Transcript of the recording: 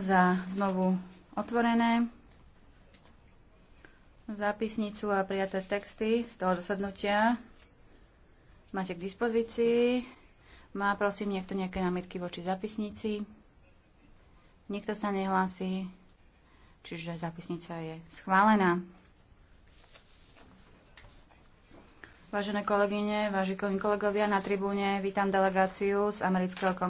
za znovu otvorené zápisnicu a prijaté texty z toho zasadnutia. Máte k dispozícii. Má prosím niekto nejaké námietky voči zápisnici? Nikto sa nehlási, čiže zápisnica je schválená. Vážené kolegyne, vážení kolegovia na tribúne, vítam delegáciu z amerického